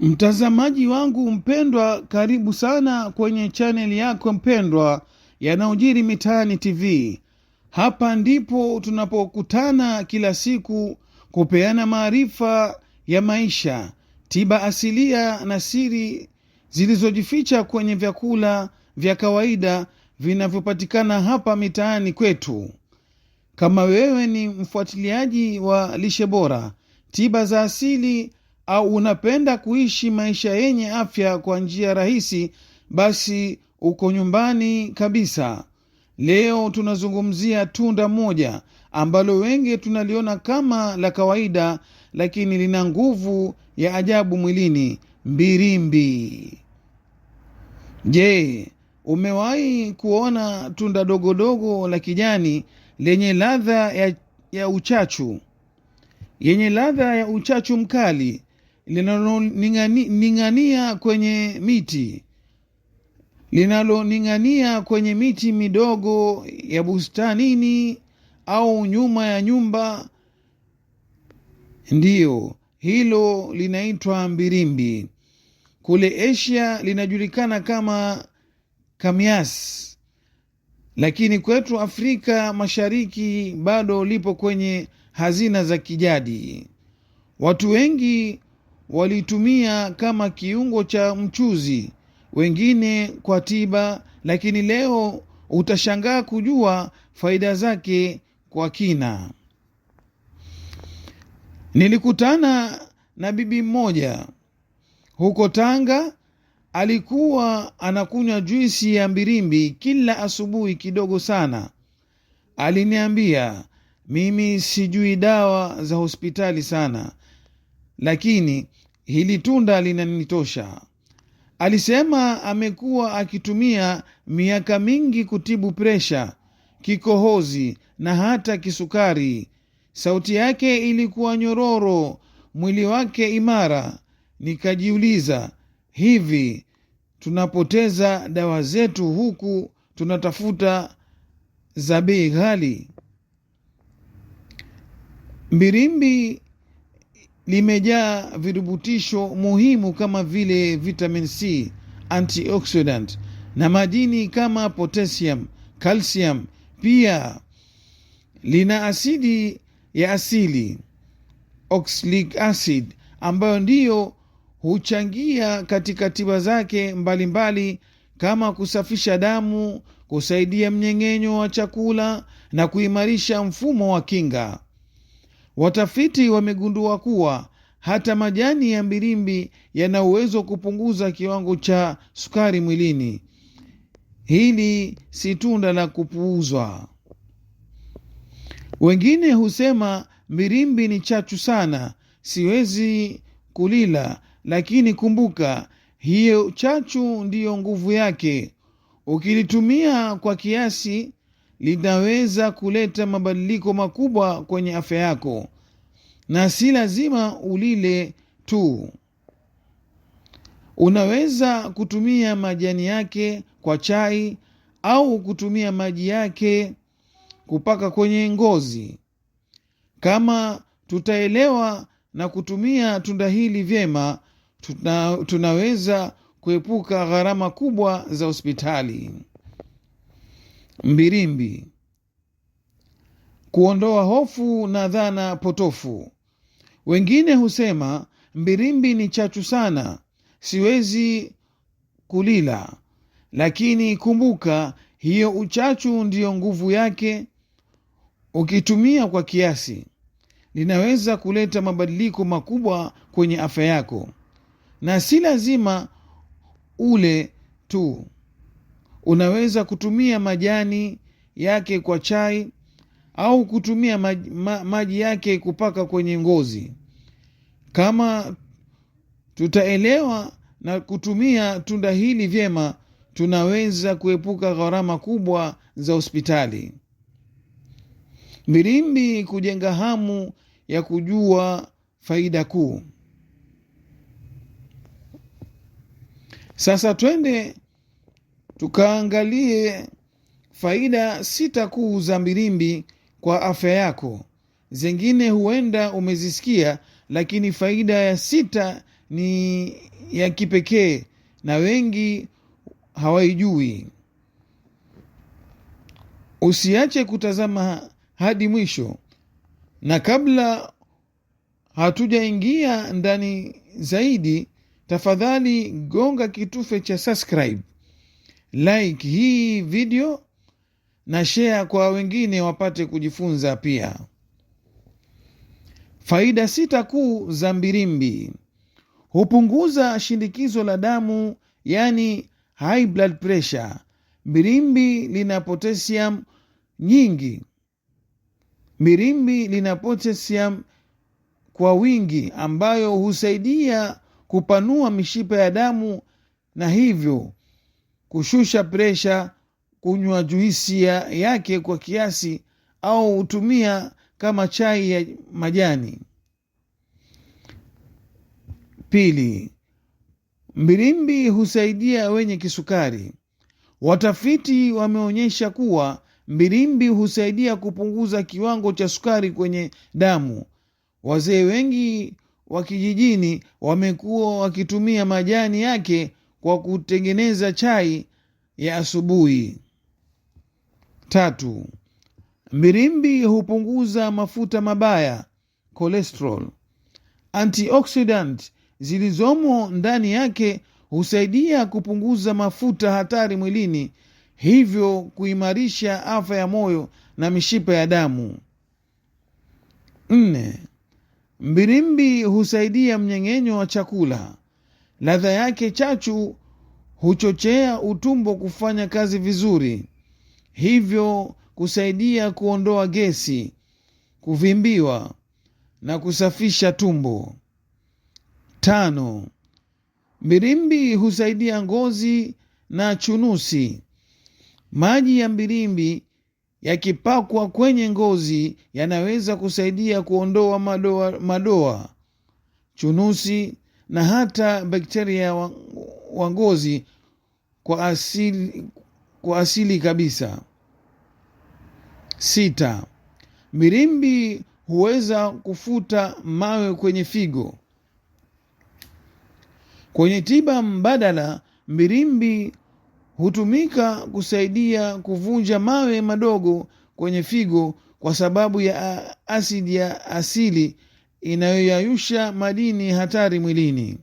Mtazamaji wangu mpendwa, karibu sana kwenye chaneli yako mpendwa yanayojiri mitaani TV. Hapa ndipo tunapokutana kila siku kupeana maarifa ya maisha, tiba asilia na siri zilizojificha kwenye vyakula vya kawaida vinavyopatikana hapa mitaani kwetu. Kama wewe ni mfuatiliaji wa lishe bora, tiba za asili au unapenda kuishi maisha yenye afya kwa njia rahisi, basi uko nyumbani kabisa. Leo tunazungumzia tunda moja ambalo wengi tunaliona kama la kawaida, lakini lina nguvu ya ajabu mwilini: mbirimbi. Je, umewahi kuona tunda dogodogo la kijani lenye ladha ya, ya uchachu yenye ladha ya uchachu mkali linaloning'ania kwenye miti linaloning'ania kwenye miti midogo ya bustanini au nyuma ya nyumba, ndiyo hilo linaitwa mbirimbi. Kule Asia linajulikana kama kamias, lakini kwetu Afrika Mashariki bado lipo kwenye hazina za kijadi. Watu wengi walitumia kama kiungo cha mchuzi, wengine kwa tiba, lakini leo utashangaa kujua faida zake kwa kina. Nilikutana na bibi mmoja huko Tanga, alikuwa anakunywa juisi ya mbirimbi kila asubuhi, kidogo sana. Aliniambia, mimi sijui dawa za hospitali sana, lakini hili tunda linanitosha. Alisema amekuwa akitumia miaka mingi kutibu presha, kikohozi na hata kisukari. Sauti yake ilikuwa nyororo, mwili wake imara. Nikajiuliza, hivi tunapoteza dawa zetu huku tunatafuta za bei ghali? Mbirimbi limejaa virubutisho muhimu kama vile vitamin C, antioxidant na madini kama potassium, calcium. Pia lina asidi ya asili oxalic acid ambayo ndiyo huchangia katika tiba zake mbalimbali mbali, kama kusafisha damu, kusaidia mnyengenyo wa chakula na kuimarisha mfumo wa kinga. Watafiti wamegundua kuwa hata majani ya mbilimbi yana uwezo wa kupunguza kiwango cha sukari mwilini. Hili si tunda la kupuuzwa. Wengine husema mbilimbi ni chachu sana, siwezi kulila. Lakini kumbuka, hiyo chachu ndiyo nguvu yake. Ukilitumia kwa kiasi, litaweza kuleta mabadiliko makubwa kwenye afya yako, na si lazima ulile tu. Unaweza kutumia majani yake kwa chai au kutumia maji yake kupaka kwenye ngozi. Kama tutaelewa na kutumia tunda hili vyema, tuna, tunaweza kuepuka gharama kubwa za hospitali mbirimbi kuondoa hofu na dhana potofu. Wengine husema mbirimbi ni chachu sana, siwezi kulila. Lakini kumbuka, hiyo uchachu ndiyo nguvu yake. Ukitumia kwa kiasi, linaweza kuleta mabadiliko makubwa kwenye afya yako, na si lazima ule tu. Unaweza kutumia majani yake kwa chai au kutumia maji, ma, maji yake kupaka kwenye ngozi. Kama tutaelewa na kutumia tunda hili vyema, tunaweza kuepuka gharama kubwa za hospitali. Milimbi kujenga hamu ya kujua faida kuu. Sasa twende tukaangalie faida sita kuu za mirimbi kwa afya yako. Zengine huenda umezisikia, lakini faida ya sita ni ya kipekee na wengi hawaijui. Usiache kutazama hadi mwisho. Na kabla hatujaingia ndani zaidi, tafadhali gonga kitufe cha subscribe like hii video na share kwa wengine wapate kujifunza pia. Faida sita kuu za mbirimbi hupunguza shinikizo la damu, yani high blood pressure. Mbirimbi lina potassium nyingi. mbirimbi lina potassium kwa wingi ambayo husaidia kupanua mishipa ya damu na hivyo kushusha presha, kunywa juisi ya yake kwa kiasi, au hutumia kama chai ya majani. Pili, mbilimbi husaidia wenye kisukari. Watafiti wameonyesha kuwa mbilimbi husaidia kupunguza kiwango cha sukari kwenye damu. Wazee wengi wa kijijini wamekuwa wakitumia majani yake kwa kutengeneza chai ya asubuhi. Tatu, mirimbi hupunguza mafuta mabaya cholesterol. Antioxidant zilizomo ndani yake husaidia kupunguza mafuta hatari mwilini, hivyo kuimarisha afya ya moyo na mishipa ya damu. Nne, mbirimbi husaidia mnyengenyo wa chakula. Ladha yake chachu huchochea utumbo kufanya kazi vizuri, hivyo kusaidia kuondoa gesi, kuvimbiwa na kusafisha tumbo. Tano, mbirimbi husaidia ngozi na chunusi. Maji ya mbirimbi yakipakwa kwenye ngozi yanaweza kusaidia kuondoa madoa, madoa chunusi na hata bakteria wa, ngozi kwa asili, kwa asili kabisa. Sita, mirimbi huweza kufuta mawe kwenye figo. Kwenye tiba mbadala, mirimbi hutumika kusaidia kuvunja mawe madogo kwenye figo kwa sababu ya asidi ya asili inayoyayusha madini hatari mwilini.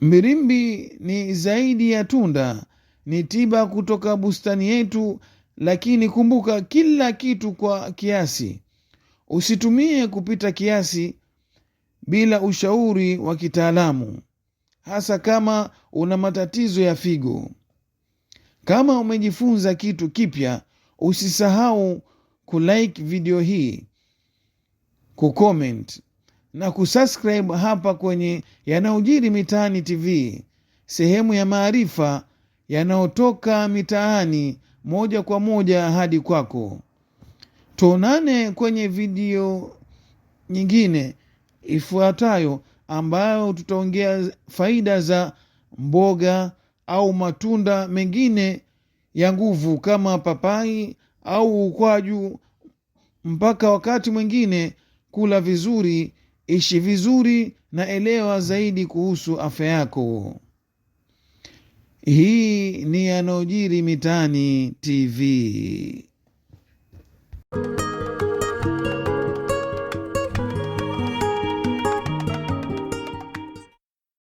Mbirimbi ni zaidi ya tunda, ni tiba kutoka bustani yetu, lakini kumbuka, kila kitu kwa kiasi. Usitumie kupita kiasi bila ushauri wa kitaalamu, hasa kama una matatizo ya figo. Kama umejifunza kitu kipya, usisahau kulike video hii, kucomment na kusubscribe hapa kwenye Yanayojiri Mitaani TV, sehemu ya maarifa yanayotoka mitaani moja kwa moja hadi kwako. Tuonane kwenye video nyingine ifuatayo ambayo tutaongea faida za mboga au matunda mengine ya nguvu kama papai au ukwaju, mpaka wakati mwingine kula vizuri, ishi vizuri na elewa zaidi kuhusu afya yako. Hii ni yanayojiri mitaani TV.